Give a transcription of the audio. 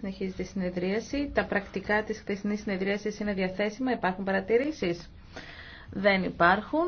Συνεχίζεται η συνεδρίαση. Τα πρακτικά της χθεσινής συνεδρίασης είναι διαθέσιμα. Υπάρχουν παρατηρήσει, Δεν υπάρχουν.